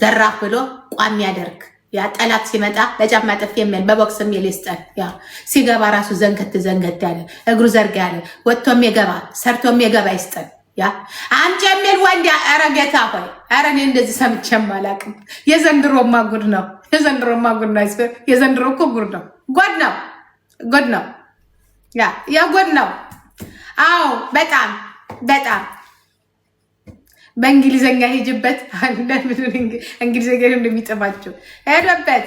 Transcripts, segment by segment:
ዘራፍ ብሎ ቋሚ ያደርግ ያ ጠላት ሲመጣ ለጫማ ጥፍ የሚል በቦክስ የሚል ይስጠን። ያ ሲገባ ራሱ ዘንገት ዘንገት ያለ እግሩ ዘርጋ ያለ ወጥቶም የገባ ሰርቶም የገባ ይስጠን። ያ አምጪ የሚል ወንድ ኧረ ጌታ ሆይ ኧረ እኔ እንደዚህ ሰምቼም አላውቅም። የዘንድሮማ ጉድ ነው። የዘንድሮማ ጉድ ነው። የዘንድሮ እኮ ጉድ ነው። ጎድ ነው። ጎድ ነው። ያ ያ ጎድ ነው። አዎ በጣም በጣም በእንግሊዘኛ ሄጅበት እንግሊዘኛ እንደሚጥፋቸው ሄደበት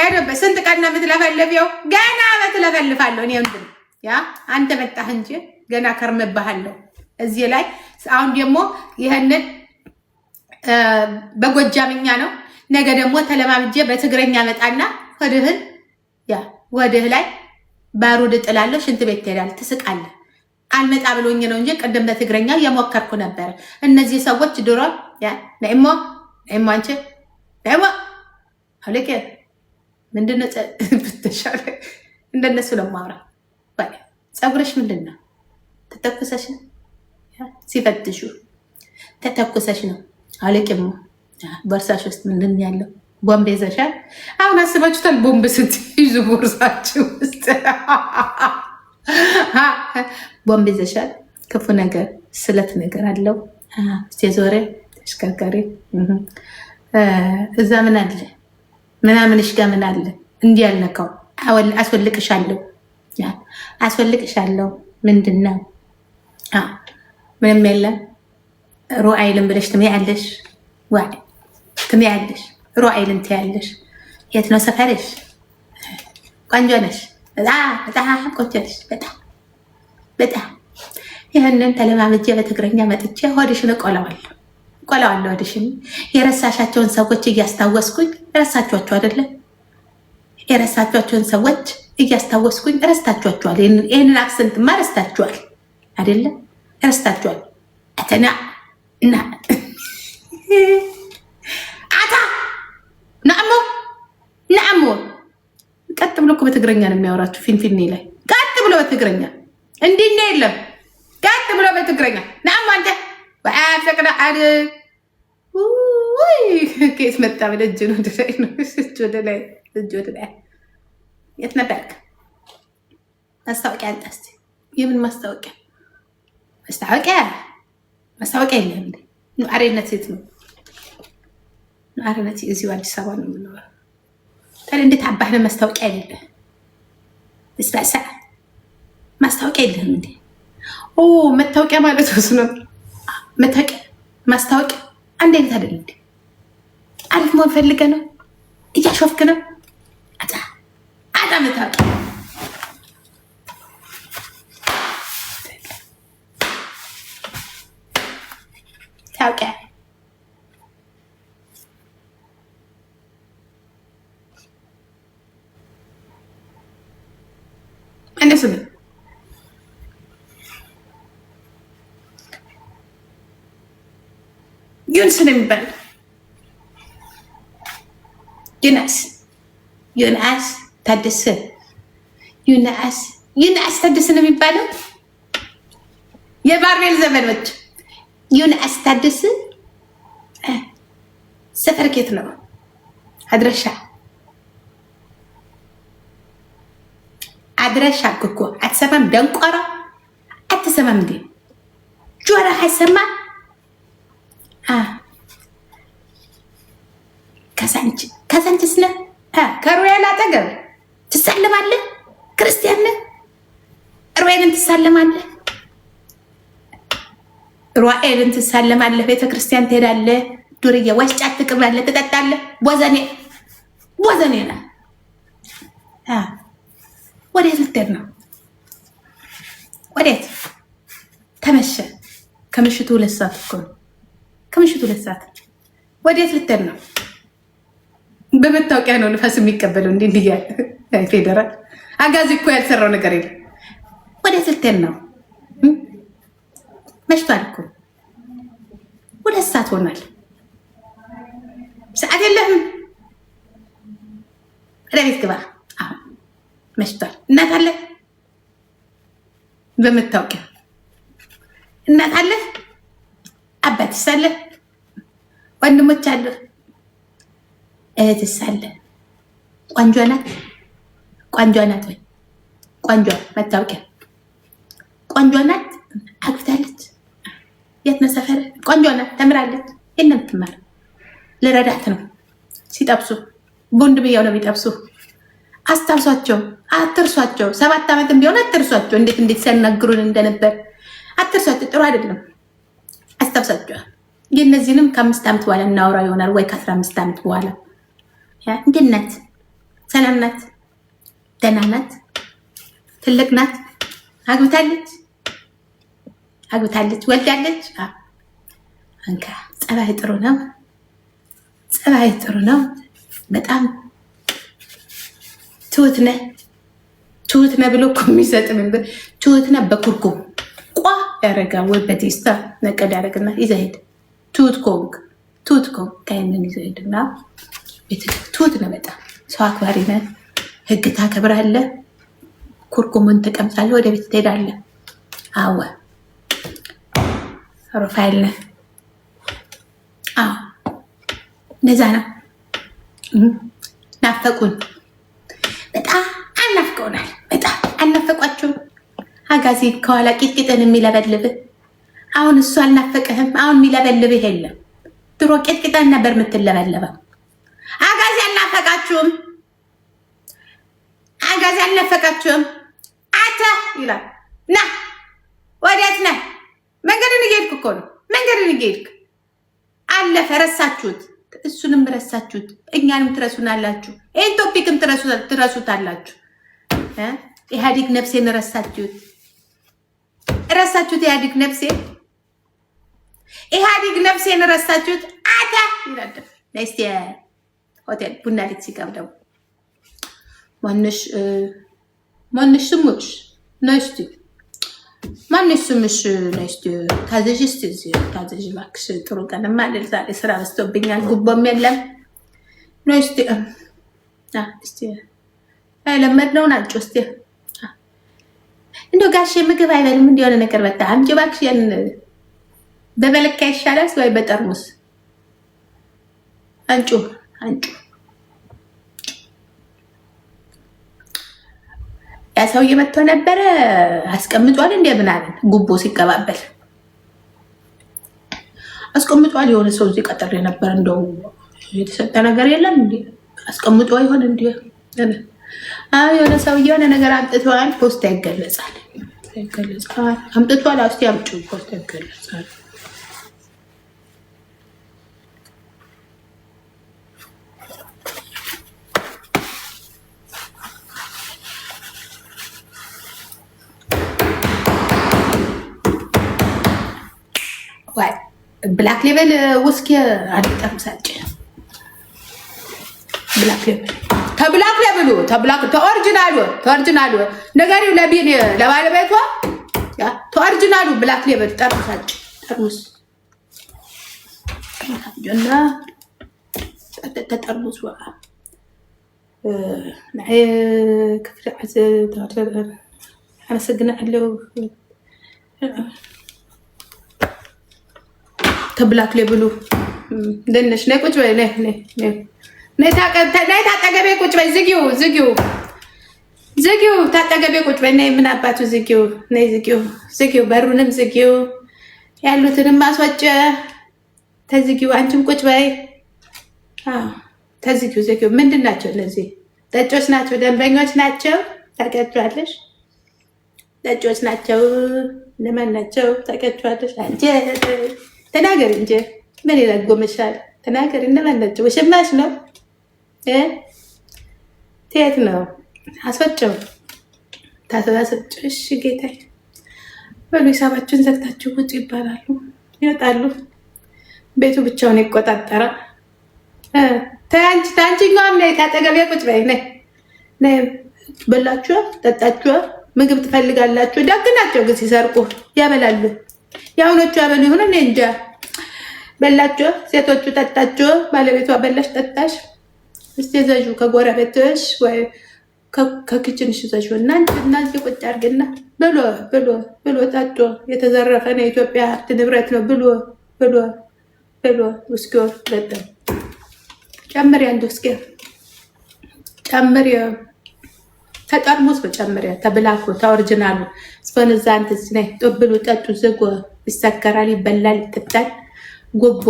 ሄደበት ስንት ቀና ምትለፈልፊው ገና በትለፈልፋለሁ እኔ ምድ ያ አንተ መጣህ እንጂ ገና ከርምባሃለሁ። እዚህ ላይ አሁን ደግሞ ይህንን በጎጃምኛ ነው። ነገ ደግሞ ተለማምጄ በትግረኛ መጣና ሆድህን ያ ወድህ ላይ ባሩድ ጥላለሁ። ሽንት ቤት ትሄዳለህ፣ ትስቃለህ። አልመጣ ብሎኝ ነው እንጂ ቅድም በትግረኛ የሞከርኩ ነበር። እነዚህ ሰዎች ድሮ ነሞ ነሞ አንቺ ነሞ አለቄ ምንድነ ነው ብትሻለ እንደነሱ ለማውራ ፀጉረሽ ምንድን ነው? ተተኩሰሽ ነው ሲፈትሹ ተተኩሰሽ ነው አለቅሞ ቦርሳሽ ውስጥ ምንድን ያለው ቦምብ ይዘሻል። አሁን አስባችሁታል። ቦምብ ስትይዙ ቦርሳችሁ ውስጥ ቦምብ ይዘሻል። ክፉ ነገር ስለት ነገር አለው። ዞሬ ተሽከርካሪ እዛ ምን አለ ምናምንሽ ጋ ምን አለ እንዲህ ያልነካው አስወልቅሻለሁ፣ አስወልቅሻለሁ። ምንድን ነው ምንም የለም። ሩእ አይልም ብለሽ ትምያለሽ፣ ትምያለሽ፣ ሩእ አይልም ትያለሽ። የት ነው ሰፈርሽ? ቆንጆ ነሽ በጣም በጣም ቆጨልሽ። በጣም በጣም ይህንን ተለማመጀ በትግረኛ መጥቼ ሆድሽን እቆለዋለሁ እቆለዋለሁ ሆድሽን። የረሳሻቸውን ሰዎች እያስታወስኩኝ ረሳችኋቸው አይደለም? የረሳችኋቸውን ሰዎች እያስታወስኩኝ ረስታችኋቸዋል። ይህንን አክሰንትማ ረስታችኋል አይደለም? ረስታችኋል አተና እና እኮ በትግረኛ ነው የሚያወራችሁ ፊንፊኔ ላይ ቀጥ ብሎ በትግረኛ እንዲህ የለም። ቀጥ ብሎ በትግረኛ ናም አንተ በአያፈቅዳ አድ ከየት መጣ ብለህ እጅ ነው ወደላይ ነው እጅ ወደላይ እጅ ወደላይ የት ነበርክ? ማስታወቂያ አምጣ የምን ማስታወቂያ? ማስታወቂያ ማስታወቂያ የለም። ኑዓሬነት ሴት ነው ኑዓሬነት እዚሁ አዲስ አበባ ነው የምኖረው። ታዲያ እንዴት አባህ ነው ማስታወቂያ የሌለ በስበሰ ማስታወቂያ የለህም እንዴ? መታወቂያ ማለት ስ ነው። መታወቂያ ማስታወቂያ አንድ አይነት አይደለም እንዴ? አሪፍ መሆን ፈልገህ ነው? እያሾፍክ ነው? አጣ አጣ መታወቂያ ታውቂያ ዩንስ ነው የሚባል ዩናስ ዩናስ ታደሰ ዩናስ ዩናስ ታደሰ ነው የሚባለው። የባርቤል ዘመኖች ዩናስ ታደሰ ሰፈር ኬት ነው አድረሻ አድረሻ እኮ አትሰማም። ደንቋራ አትሰማም እንዴ ጆራ አይሰማም ከሳንችስ አጠገብ ትሳልማለህ፣ ክርስቲያን ነህ፣ ሩዌልን ትሳልማለህ፣ ሩዌልን ትሳልማለህ፣ ቤተክርስቲያን ትሄዳለህ፣ ዱርዬ ዋሽጫ ትቅማለህ፣ ትጠጣለህ። ወዴት ልትሄድ ነው? ወዴት ተመሸ? ከምሽቱ ሁለት ሰዓት እኮ ነው። ከምሽቱ ሁለት ሰዓት ወዴት ልትሄድ ነው? በመታወቂያ ነው ንፋስ የሚቀበለው። እንዲ ፌደራል አጋዚ እኮ ያልሰራው ነገር የለም። ወዴት ልትሄድ ነው? መሽቷል እኮ ሁለት ሰዓት ሆኗል። ሰዓት የለህም። ወደ ቤት ግባ። አሁን መሽቷል። እናት አለ በመታወቂያ እናት አባት ሳለ ወንድሞች አሉ፣ እህት ሳለ ቆንጆ ናት። ቆንጆ ናት ወይ ቆንጆ መታወቂያ ቆንጆ ናት። አግብታለች። የት ነው ሰፈር? ቆንጆ ናት። ተምራለች። የት ነው የምትማር? ልረዳት ነው። ሲጠብሱ ቦንድ ብያው ነው የሚጠብሱ። አስታውሷቸው፣ አትርሷቸው። ሰባት ዓመት ቢሆን አትርሷቸው። እንዴት እንዴት ሲያናግሩን እንደነበር አትርሷቸው። ጥሩ አይደለም። ሀሳብ ግን እነዚህንም ከአምስት ዓመት በኋላ እናውራ ይሆናል ወይ ከአስራ አምስት ዓመት በኋላ እንዴት ናት? ሰላም ናት? ደህና ናት? ትልቅ ናት? አግብታለች አግብታለች ወልዳለች። አንካ ጸባይ ጥሩ ነው፣ ጸባይ ጥሩ ነው። በጣም ትሁት ነህ፣ ትሁት ነህ ብሎ እኮ የሚሰጥ ትሁት ነህ በኩርኩም ያረጋል ወይ በቴስታ ነቀድ ያደረግና ይዘህ ሂድ። ቱት ኮንግ ቱት ኮንግ ከይንን ይዘህ ሂድና ቱት ነመጣ ሰው አክባሪ ነህ፣ ህግ ታከብራለህ፣ ኩርኩሙን ትቀምሳለህ፣ ወደ ቤት ትሄዳለህ። አወ ሮፋይል ነህ። አዎ እነዛ ነው ናፈቁን። በጣም አናፍቀውናል። በጣም አናፈቋቸው አጋዜ ከኋላ ቂጥቂጥን የሚለበልብ አሁን እሱ አልናፈቀህም? አሁን የሚለበልብህ የለም። ድሮ ቂጥቂጠን ነበር የምትለበለበው። አጋዜ አልናፈቃችሁም? አጋዜ አልናፈቃችሁም? አተ ይላል ና ወዴት ነህ? መንገድን እየሄድክ እኮ ነው። መንገድን እየሄድክ አለፈ። ረሳችሁት፣ እሱንም ረሳችሁት፣ እኛንም ትረሱናላችሁ፣ ይህን ቶፒክም ትረሱታላችሁ። ኢህአዴግ ነፍሴን ረሳችሁት። ረሳችሁት። ኢህአዴግ ነፍሴን ኢህአዴግ ነፍሴን ረሳችሁት። አታ ይላል ነስቲ ሆቴል ቡና ልት ሲቀብደው ማንሽ ማንሽ ስሙሽ ነስቲ ማንሽ ስምሽ ነስቲ ታዘዥ እስቲ ታዘዥ እባክሽ። ጥሩ ቀንማ አይደል ዛሬ ስራ በዝቶብኛል፣ ጉቦም የለም ነስቲ አ ለመድነውን አጭ እስቲ እንደ ጋሼ ምግብ አይበልም እንዲሆነ ነገር በታ አምጪ እባክሽ። ያን በመለካ ይሻላል ወይ በጠርሙስ አንጩ አንጩ። ያ ሰውዬ መጥቶ ነበረ አስቀምጧል። እንደ ምናምን ጉቦ ሲቀባበል አስቀምጧል። የሆነ ሰው እዚህ ቀጠር የነበረ እንደው የተሰጠ ነገር የለም እንዲ አስቀምጦ ይሆን እንዲ የሆነ ሰው የሆነ ነገር አምጥተዋል። ፖስታ ይገለጻል ይገለጻል። አምጥቷል። አስቲ አምጪ ሪፖርት ይገለጻል። ብላክ ሌቨል ውስኪ አልጠም ሳጭ ብላክ ሌቨል ተብላክ ሌቭሉ ተብላክ ተኦሪጂናሉ ተኦሪጂናሉ ነገሪው ለባለቤቷ ተኦሪጂናሉ ብላክ ሌበል ጠርሙሳጭ ጠርሙስ ጠርሙሳጆና ተጠርሙስ ወ ንዓይ ክፍሊ ዓዘ ኣመሰግና ኣለው ተብላክ ሌብሉ ደነሽ ናይ ቁጭ በይ ናይ ታጠገበይ ቁጭ በይ ዝግዩ ዝግዩ ዝጊው ታጠገቤ ቁጭ በይ። ነይ ምን አባቱ ዝጊው፣ ነይ ዝጊው፣ ዝጊው፣ በሩንም ዝጊው፣ ያሉትንም ማስወጨ ተዝጊው። አንቺም ቁጭ በይ ተዝጊው፣ ዝጊው። ምንድን ናቸው እነዚህ? ጠጮች ናቸው፣ ደንበኞች ናቸው። ታውቂያቸዋለሽ? ጠጮች ናቸው። ለመን ናቸው? ታውቂያቸዋለሽ? አንቺ ተናገሪ እንጂ ምን ይረጎምሻል? ተናገሪ። እነማን ናቸው? ውሽማሽ ነው? ቴት ነው? አስፈጨው ታስፈጭ። እሺ ጌታዬ በሉ ሂሳባችሁን ዘግታችሁ ውጭ ይባላሉ፣ ይወጣሉ። ቤቱ ብቻውን ይቆጣጠራል። ታንቺ ታንቺ ጋር ላይ ታጠገብ ቁጭ በይ ነይ ነይ። በላችሁ ጠጣችሁ ምግብ ትፈልጋላችሁ። ደግ ናቸው ግን ሲሰርቁ ያበላሉ። የአሁኖቹ ያበሉ ይሁን እኔ እንጃ። በላችሁ ሴቶቹ ጠጣችሁ፣ ባለቤቷ በላሽ ጠጣሽ። እስቲ ዘዡ ከጎረቤትሽ ወይ ከክችን ሽዘች እናንተ እናንተ ቁጭ አርግና ብሎ ብሎ ብሎ ጠጦ የተዘረፈ ነው የኢትዮጵያ ሀብት ንብረት ነው ብሎ ብሎ ብሎ ውስኪ ገጠም ጨምሪ፣ አንድ ውስኪ ጨምሪ፣ ተጠርሙስ በጨምሪ ተብላኩ ተኦሪጂናሉ ስፖንዛ እንትስ ነ ብሉ ጠጡ። ዝጎ ይሰከራል፣ ይበላል፣ ይጠጣል። ጉቦ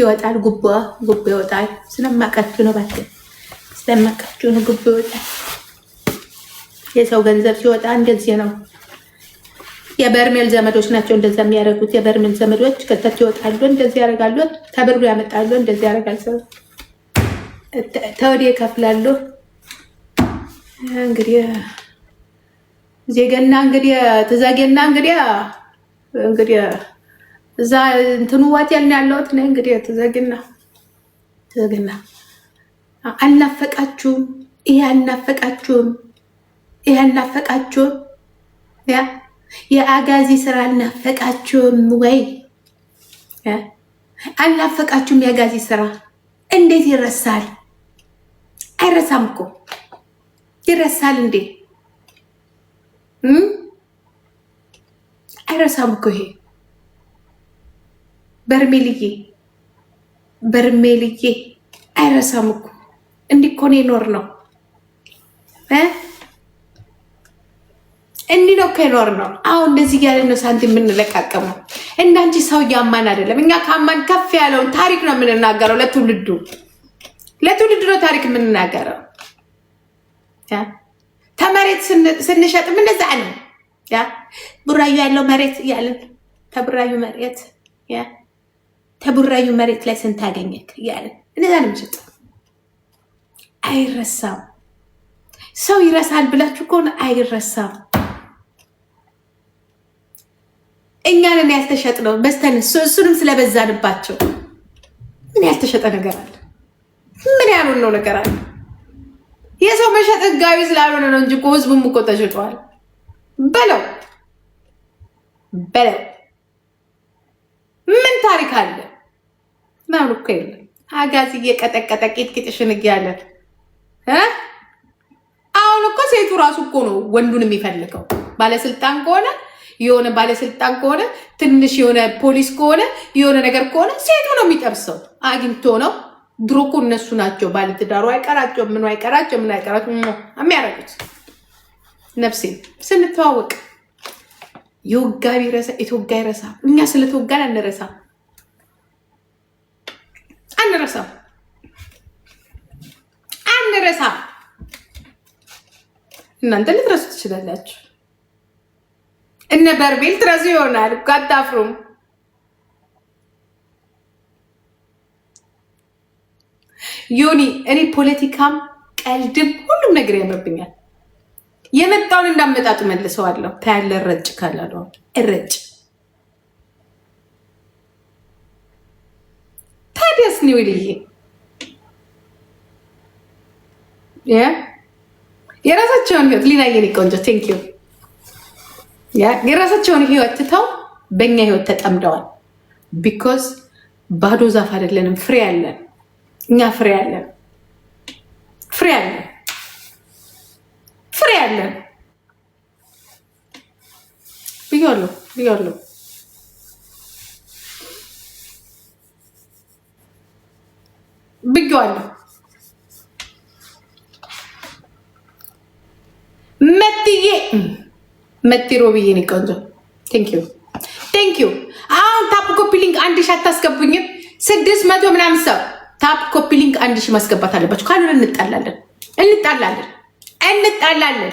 ይወጣል፣ ጉቦ ጉቦ ይወጣል። ስለማቃችሁ ነው ባክ ስለማቃችሁ ነው ጉቦ ይወጣል። የሰው ገንዘብ ሲወጣ እንደዚህ ነው። የበርሜል ዘመዶች ናቸው እንደዛ የሚያደርጉት። የበርሜል ዘመዶች ከተት ይወጣሉ፣ እንደዚህ ያደርጋሉ፣ ተብሩ ያመጣሉ፣ እንደዚህ ያደርጋል ሰው ተወዴ ይከፍላሉ። እንግዲህ ዜገና እንግዲህ ትዘጌና እንግዲህ እንግዲህ እዛ እንትኑ ዋቴል ነው ያለሁት ነ እንግዲህ ትዘግና ትዘግና አልናፈቃችሁም፣ ይሄ አልናፈቃችሁም ይህ አልናፈቃችሁም? ያ የአጋዚ ስራ አልናፈቃችሁም ወይ? አልናፈቃችሁም? የአጋዚ ስራ እንዴት ይረሳል? አይረሳም እኮ ይረሳል እንዴ? አይረሳም እኮ ይሄ በርሜልዬ በርሜልዬ አይረሳም እኮ እንዲኮን ይኖር ነው። እንዲህ ነው ከኖር ነው። አሁን እንደዚህ እያለ ነው ሳንቲም የምንለቃቀመው። እንዳንቺ ሰው እያማን አይደለም። እኛ ከአማን ከፍ ያለውን ታሪክ ነው የምንናገረው። ለትውልዱ ለትውልዱ ነው ታሪክ የምንናገረው። ተመሬት ስንሸጥም እንደዛ አለ። ቡራዩ ያለው መሬት እያለን ተቡራዩ መሬት ተቡራዩ መሬት ላይ ስንታገኘክ እያለን እንደዛ ነው አይረሳም። ሰው ይረሳል ብላችሁ ከሆነ አይረሳም። እኛንን ያልተሸጥ ነው በስተንስ እሱንም ስለበዛንባቸው ምን ያልተሸጠ ነገር አለ? ምን ያሉን ነው ነገር አለ? የሰው መሸጥ ህጋዊ ስላልሆነ ነው እንጂ ህዝቡም እኮ ተሸጠዋል። በለው በለው ምን ታሪክ አለ? ምናምን እኮ የለ። አጋዚ እየቀጠቀጠ ቂጥቂጥሽን እያለን አሁን እኮ ሴቱ ራሱ እኮ ነው ወንዱን የሚፈልገው ባለስልጣን ከሆነ የሆነ ባለስልጣን ከሆነ ትንሽ የሆነ ፖሊስ ከሆነ የሆነ ነገር ከሆነ ሴቱ ነው የሚጠብሰው፣ አግኝቶ ነው። ድሮ እኮ እነሱ ናቸው ባለትዳሩ አይቀራቸው ምን አይቀራቸው ምን አይቀራቸው የሚያረጉት። ነፍሴ ስንተዋወቅ የወጋ ቢረሳ የተወጋ ይረሳ። እኛ ስለተወጋን አንረሳ አንረሳ አንረሳ። እናንተ ልትረሱ ትችላላችሁ። እነ በርቤል ትረሱ ይሆናል እኮ አታፍሩም? ዮኒ እኔ ፖለቲካም ቀልድም ሁሉም ነገር ያመብኛል። የመጣውን እንዳመጣጡ መልሰዋለሁ። ታያለ እረጭ ካላሉ እረጭ ታዲያስ ኒው ኒውልዬ የራሳቸውን ህይወት ሊናየን ቆንጆ ቴንኪዩ የራሳቸውን ህይወት ትተው በእኛ ህይወት ተጠምደዋል። ቢኮዝ ባዶ ዛፍ አይደለንም፣ ፍሬ አለን። እኛ ፍሬ አለን፣ ፍሬ አለን፣ ፍሬ አለን ብያለሁ፣ ብያለሁ። ብያዋለሁ መትዬ መጤ ሮብዬ ነው ቆንጆ። ቴንኪዩ ቴንኪዩ። አሁን ታፕ ኮፒ ሊንክ አንድ ሺ አታስገቡኝም? ስድስት መቶ ምናምን ሰው ታፕ ኮፒ ሊንክ አንድ ሺ ማስገባት አለባቸው። ካልሆነ እንጣላለን፣ እንጣላለን፣ እንጣላለን።